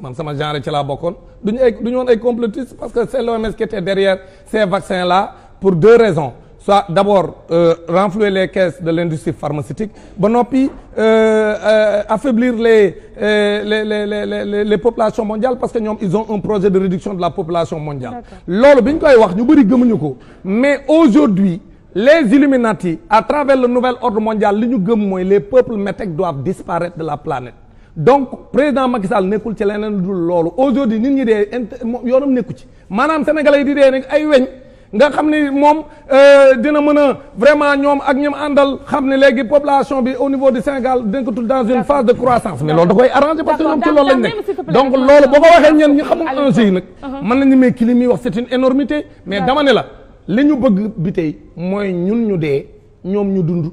man sama genre ci laa bokkoon du ñu ay du ay complotistes parce que c'est l'OMS qui était derrière ces vaccins là pour deux raisons soit d'abord euh, les caisses de l'industrie pharmaceutique ba noppi euh, euh, affaiblir euh, les les les les les les populations mondiales parce que ñoom ils ont un projet de réduction de la population mondiale. loolu bi ñu koy wax ñu bëri gëmuñu ko mais aujourd'hui les Illuminati à travers le nouvel ordre mondial li ñu gëm mooy les peuples métèques doivent disparaître de la planète. donc président Macky Sall nekkul ci leneen lu dul loolu aujourd'hui nit ñi dee yoonam nekku ci maanaam sénégalais yi di dee nag ay weñ nga xam ni moom euh, dina mën a vraiment ñoom ak ñoom àndal xam ne léegi population bi au niveau du Sénégal nekkatul dans une phase de croissance mais loolu da koy arrangé parce que ñoom ci loolu lañ nekk donc loolu boo ko waxee ñeen ñi xamul enjeu yi nag uh-huh. mën nañu mais kili mi wax c'est énormité mais dama ne la li ñu bëgg bi tey mooy ñun ñu dee ñoom ñu dund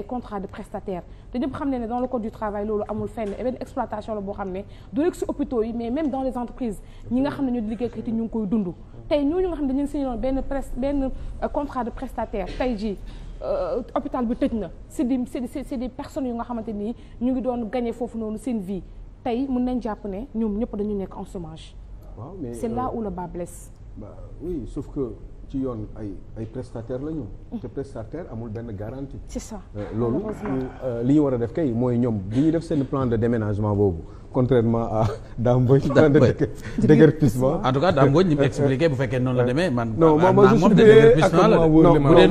ay contrat de prestataire te ñëpp xam ne ne dans le code du travail loolu amul fenn benn exploitation la boo xam ne du rek si hôpitaux yi mais même xam ne ñoo di liggéeykat yi ñu ngi koy dund tey ñooñu nga xam ne dañu signé woon euh, euh, hôpital bi tëj na c'est des c'est des personnes yu nga xamante nii ñu ngi doon gagné foofu noonu seen vie tey mun nañ jàpp ne ñoom ñëpp dañu nekk en chômage waaw mais c'est là euh, où la bas blesse. bah ci yoon ay ay prestataire la ñu. te prestataire amul benn garantie. c'est ça euh, loolu euh, li ñu war a def kay mooy ñoom bi ñu def seen plan de déménagement boobu contrairement à Dame Mbodj. Dame Mbodj déguerpissement en tout cas Dame Mbodj ni mu expliqué bu fekkee noonu la demee man. non moom ma je bu dee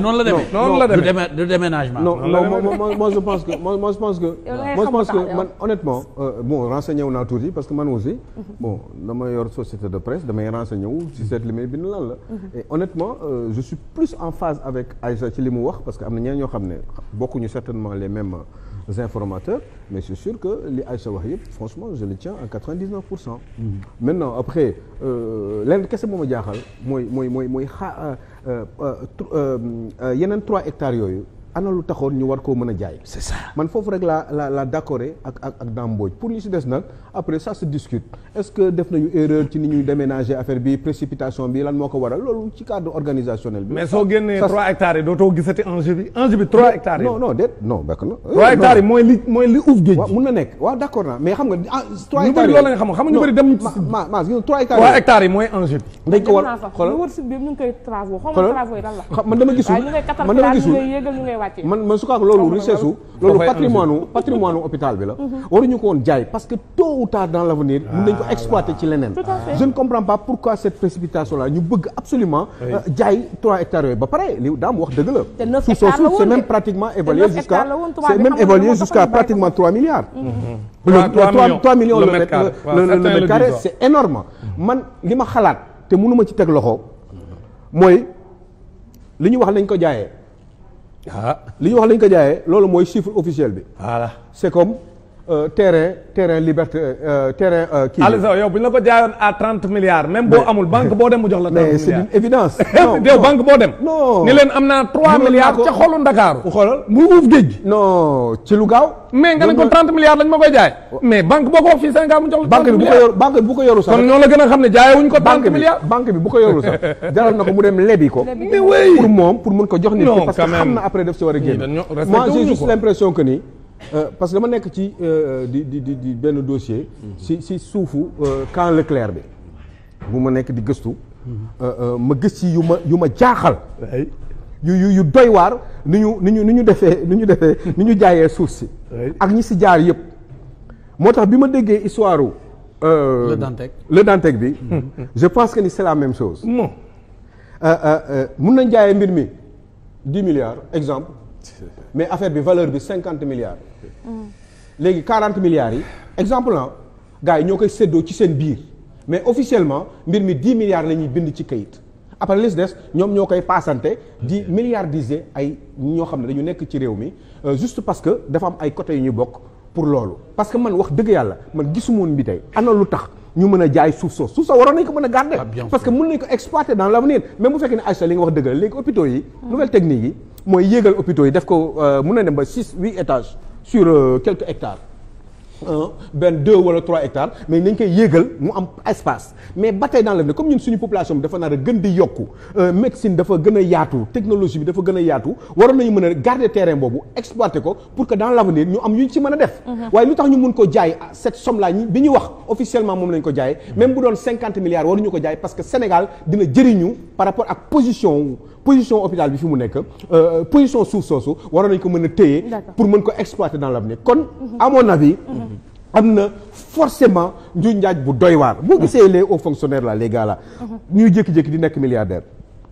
noonu la demee. noonu la demee du déménagement. non non moi je pense que moi je pense que. moi je pense que man honnêtement. bon renseigné wu naa tuuti parce que man aussi. Mhm. bon dama yor société de presse damay renseigné wu si seet li may bind lan la. Mhm. et honnêtement. effectivement euh, je suis plus en phase avec Aïcha ci li mu wax parce que am na ñeneen ñoo xam ne bokkuñu certainement les mêmes euh, informateurs mais c'est sur que li Aïcha wax yëpp franchement je le tiens à 99 pour cent. Mm-hmm. maintenant après euh, lenn kese moo ma jaaxal mooy mooy mooy mooy xaa euh, yeneen trois hectares yooyu. ana lu taxoon ñu war koo mën a jaay. man foofu rek laa la la ak ak ak pour li si des nag après ça se discute est def nañu erreur ci ni ñuy déménager affaire bi précipitation bi lan moo ko waral loolu ci cadre organisationnel bi. mais soo génnee 3 hectares yi dootoo gisati enjeu bi enjeu bi 3 hectares yi. mun na nekk waaw d'accord naa mais xam nga. ah hectares yi mooy enjeu bi. dañ ko war xoolal ñu ngi koy travaux. xoolal man wàccee man man su ko ak loolu richesse u loolu patrimoine u patrimoine u hôpital bi la waruñu ko woon jaay parce que tôt tard dans l'avenir mën nañ ko ah. exploiter ci leneen je comprends pas pourquoi cette précipitation là ñu bëgg absolument euh, jaay trois hectares yooyu ba pare li daam wax dëgg la sous son suuf c'est même pratiquement évalué jusqu'à c'est même évalué jusqu'à pratiquement trois milliards mm-hmm. Mm-hmm. trois millions le c'est énorme man li ma xalaat te mënuma ci teg loxo mooy li ñu wax lañ ko jaayee ah li ñu wax lañ ko jaayee loolu mooy chiffre officiel bi. voilà c'est comme. Euh, terrain terrain liberté euh, terrain. Euh, kii Aliou Sow yow bu ñu la ko jaayoon à trente milliards. même boo amul banque boo dem mu jox la. trente milliards mais c'est une évidence. non banque boo dem. non ni leen ci lu gaaw. mais nga ne ko trente milliards lañ ma koy jaay. mais banque boo ko fii Sénégal mu jox la. banque bi banque bi bu ko yoru sax. kon ñoo la gën a xam ne jaayewuñ ko trente milliards. banque bi bu ko yoru sax jaral na ko mu dem lebi ko. mais moom pour mun ko jox nit. non parce que xam na après Euh, parce que ma nekk ci euh, di di di di benn dossier. si si suufu euh, camp Leclerc bi. bu ma nekk di gëstu. ma gis ci yu ma yu ma jaaxal. yu yu yu doy waar ni ñu ni ñu ni ñu defee ni ñu defee ni ñu jaayee suuf si. ak ñi si jaar yëpp. moo tax bi ma déggee histoire u le Dantec le Dantec bi. je pense que ni c'est la même chose. non. mun nañ jaaye mbir mi dix milliards exemple. mais affaire bi valeur bi cinquante milliards. léegi quarante milliards yi exemple la gars yi ñoo koy seddoo ci seen biir mais officiellement mbir mi dix milliards la ñuy bind ci kayit après les des ñoom ñoo koy paasante di milliardiser ay ñoo xam ne dañu nekk ci réew mi euh, juste parce que dafa am ay côté yu ñu bokk pour loolu parce que man wax dëgg yàlla man gisumoon bi tey ana lu tax ñu mën a jaay suuf soosu suuf soo waroon nañ ko mën a garder ah, parce que mën l' avenir même bu fekkee ne Aïcha li mooy yéegal hôpitaux yi def ko euh, mun na dem ba six huit étages sur euh, quelques hectares benn deux wala trois hectares mais nañ koy yéegal mu am espace mais ba tey dans l'avenir comme ñun suñu population bi dafa nar a gën di yokku euh, médecine dafa gën a yaatu technologie bi dafa gën a yaatu waroon nañu mën a garder terrain boobu exploiter ko pour que dans l'avenir ñu am ñu ci mën a def mhm. waaye lu tax ñu mun ko jaay ah, cette somme là bi ñu wax officiellement moom lañ ko jaay même bu doon cinquante milliards waruñu ko jaay parce que Sénégal dina jëriñu par rapport ak position position hôpital bi fi mu nekk euh, euh, position suuf soosu waroon nañ ko mën a téye pour mën ko exploiter lam l'avenir kon amoon na bi am na forcément njuñ njaaj bu doy waar boo gisee les hauts fonctionnaires là les gars là mhm. ñuy jékki-jékki di nekk milliardaire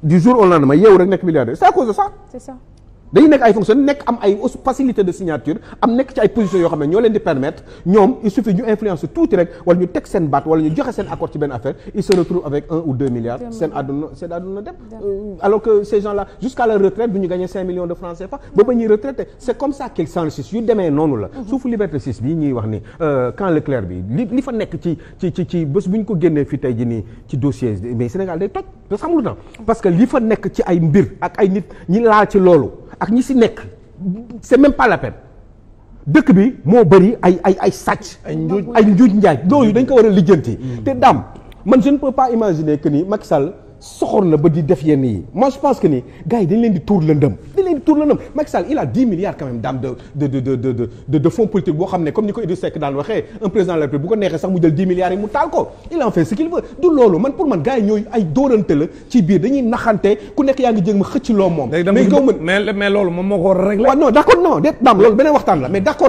du jour au lendemain yow rek nekk milliardaire c'est à cause dañu nekk ay fonctionnaires nekk am ay facilité de signature am nekk ci ay positions yoo xam ne ñoo leen di permettre ñoom il suffit ñu influence tuuti rek wala ñu teg seen baat wala ñu joxe seen accord ci benn affaire ils se retrouvent avec un ou deux milliards seen àdduna seen àdduna dem euh, alors que ces gens là jusqu'à la retraite du ñu gagné cinq millions de francs CFA ba ba ñuy retraité c'est comme ça qu'ils s'enrichissent yu demee noonu la mhm. suufu liberté ni camp euh, Leclerc bi li fa nekk ci ci ci ci bés ñu ko génnee fi tey ji nii ci dossier mais Sénégal day toj parce que xam lu tax mhm. que li fa nekk ci ay mbir ak ay nit ñi laal ci loolu ak ñi si nekk c'est même la peine dëkk bi moo bëri ay ay ay sàcc. ay njuuj ay njuuj njaaj loolu dañ ko war a lijjanti. Mm. te daam man je ne peux pas imaginer que ni Macky Sall soxor na ba di def yenn yi moi je pense que ni dañ leen di tuur lëndëm dañ leen di tuur lëndëm Macky Sall il a 10 milliards quand même de de de de de boo xam ne comme ni ko Idrissa Seck daan waxee un président la République bu ko neexee sax mu jël 10 milliards yi mu taal ko il en fait ce du loolu man pour man gars ñooy ay dóorante la ci biir dañuy naxante ku nekk yaa ngi jéem a xëcc loo moom mais gëw mais loolu moom loolu mais d'accord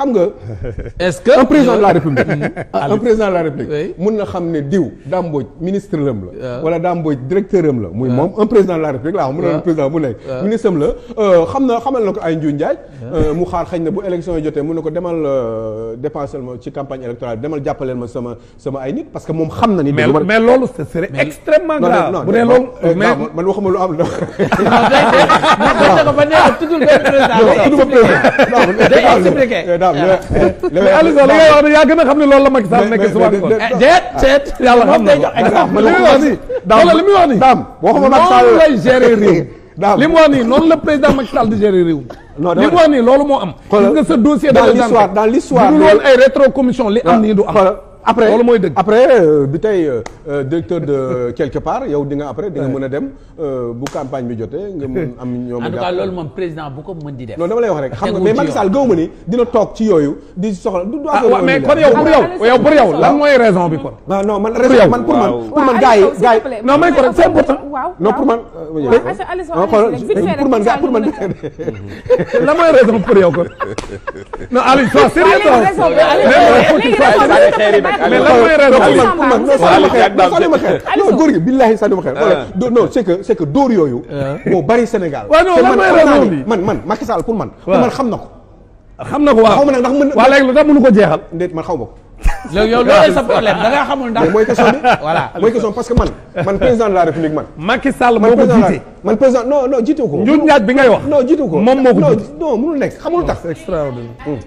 xam nga. est-ce que un président de la république. un président de la république. mun na xam ne diw Damboj ministre lëm la. wala Damboj directeur am la. muy moom un président de la république laa xam ne président bu na xamal na ko ay njuñ jaaj. mu xaar xëy na bu élection yi jotee mun na ko demal dépensé ma ci campagne électorale demal jàppaleel ma sama sama ay nit parce que moom xam na ni. mais mais loolu ce serait extrêmement grave. bu dee loolu mais man ma lu am non non non non non non non non waaw mais eh, Aliou Sow li ngay wax ne yaa gën a xam ne loolu la Macky Sall nekk suba ko déet déet yàlla xam na ko li muy wax nii daam li muy wax nii daam waxuma Macky Sall noonu lay gérer réew li mu wax nii noonu la président Macky Sall di gérer réew li mu wax nii loolu moo am gis nga sa dossier dans l'histoire dans l'histoire du loolu ay rétro commission li am ah, nii du am après loolu mooy dëgg après euh, bi tey euh, euh, directeur de quelque part yow di nga après di nga mën a dem bu campagne bi jotee nga am ñoom. en tout cas loolu moom président bu ko mën di def. non dama lay wax rek xam nga mais Macky Sall gëw dina toog ci yooyu di soxla. du doon ah, mais kon yow pour yow yow pour yow lan mooy raison bi kon. non non man raison man pour man pour man gars yi gars yi non man ko rek c'est important. non man. pour man mooy raison pour yow kon non non góor gi billaahi sànni ma xeer non c'est que c'est que dóor yooyu moo bari Sénégal man man Macky Sall pour man man xam na ko xam na ko waaw xaw ma nag ndax mën waaw léegi lu tax mënu ko jeexal déet man xaw ma ko léegi yow loolu sa problème da ngaa xamul ndax mooy question bi voilà mooy question parce que man man président de la république man Macky Sall moo ko jiite man président non non jiitewu ko njuuj njaaj bi ngay wax non jiitewu ko moom moo ko non mënul nekk xamul tax c'est extraordinaire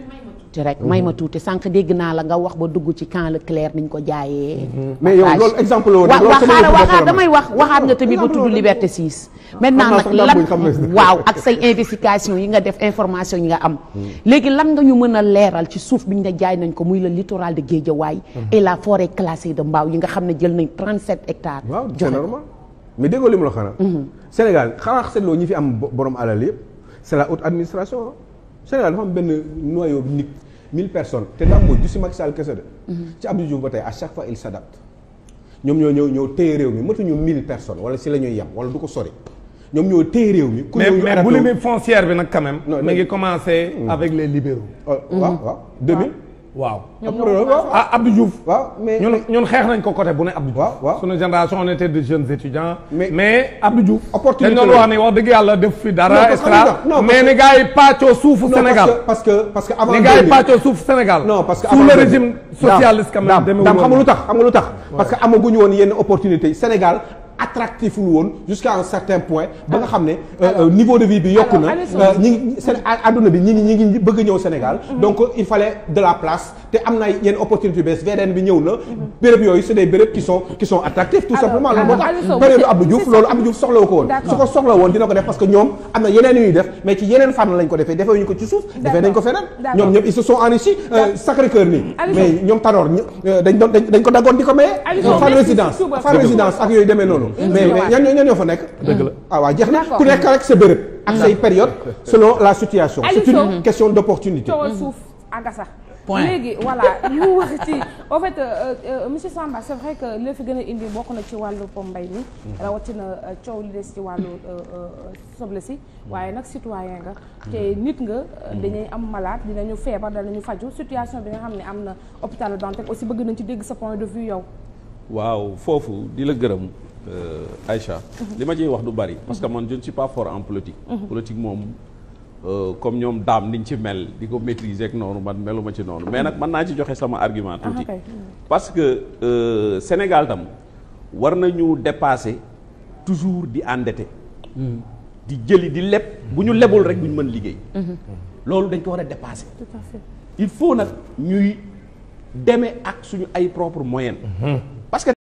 tuuti rek. may ma mhm. tuuti sànq dégg naa la nga wax ba dugg ci camp Leclerc niñ ko jaayee. Mhm. mais yow loolu exemple la woon waxaar waxaar damay wax waxaat nga tamit ba tudd Liberté 6. maintenant nag lan waaw ak say investigation yi nga def information yi nga am. Mhm. léegi lan nga ñu mën a leeral ci suuf bi biñ ne jaay nañ ko muy le littoral de Guédiawaye. et la forêt classée de Mbao yi nga xam ne jël nañ 37 hectares. waaw c'est normal mais déggoo li mu la xanaa. Sénégal xanaa seetloo ñi fi am borom alal yëpp c'est la haute Sénégal dafa am benn noyau nit mille personnes te làmb du si Macky Sall kese de. ci mhm. Abdou Diouf ba tey à chaque fois il s'adapte ñoom ñoo ñëw ñëw téye réew mi matuñu mille personnes wala si la ñuy yem wala du ko sori ñoom ñoo téye réew mi. ku ñëw mais bu limi foncière bi nag quand même. non ngi commencé. Mm. avec les libéraux. Oh, waaw mhm. waaw 2000. waaw ah, Abdou Diouf waaw mais ñun ñun xeex nañ ko côté bu ne Abdou Diouf waaw suñu génération on était de jeunes étudiants mais Abdou Diouf opportunité dañ doon wax ni wax dëgg yàlla def fi dara extra mais ni gars yi pàccoo suufu Sénégal parce que parce que avant ni gars yi pàccoo suufu Sénégal non parce que sous le régime socialiste quand même daam xam lu tax xam lu tax parce que amaguñu woon yenn opportunité Sénégal attractif lu woon jusqu'à un certain point ba nga xam ne euh, euh, niveau de vie bi yokku na euh, ñi ngi seen adduna bi ñi ngi ñi ngi bëgg ñëw Sénégal mhm. donc il fallait de la place te am na yenn opportunité bees VDN bi ñëw na mhm. béréb yooyu c'est des béréb qui sont qui sont attractifs tout simplement loolu moo tax période loolu Abdou soxlawu ko woon su ko soxla woon dina ko def parce que ñoom am na yeneen yu ñuy def mais ci yeneen fànn lañ ko defee defee ñu ko ci suuf defee nañ ko noonu mais ñan ñan ñoo fa nekk dëgg la ah waaw jeex na ku nekk rek sa bërëb ak say période selon la situation c'est une question d'opportunité suuf agasa point léegi voilà ñu wax ci en fait euh, euh, monsieur Samba c'est vrai fi gën a indi bokk na ci wàllu mbay mi mhm. rawatina euh, coow li des ci soble si waaye nag citoyen nga te mhm. nit nga mhm. dañuy am malade dinañu feebar danañu faju situation bi nga xam ne am na hôpital Dantec aussi bëgg nañ ci dégg sa point de vue yow waaw foofu di la gërëm Euh, Aïcha li ma ciy wax du bari parce que man je ne suis pas fort en politique politique moom euh, comme ñoom daam niñ ci mel di ko maîtriser ak noonu man ma ci noonu mais nag mën naa ci joxe sama argument ah, tuuti parce que euh, Sénégal tam war na nañu dépasser toujours di endetté hmm. di jëli di leb bu ñu lebul rek bu ñu mën liggéey mhm. loolu dañ ko war a dépasser tout il faut nag ñuy demee ak suñu ay propres moyens hmm. parce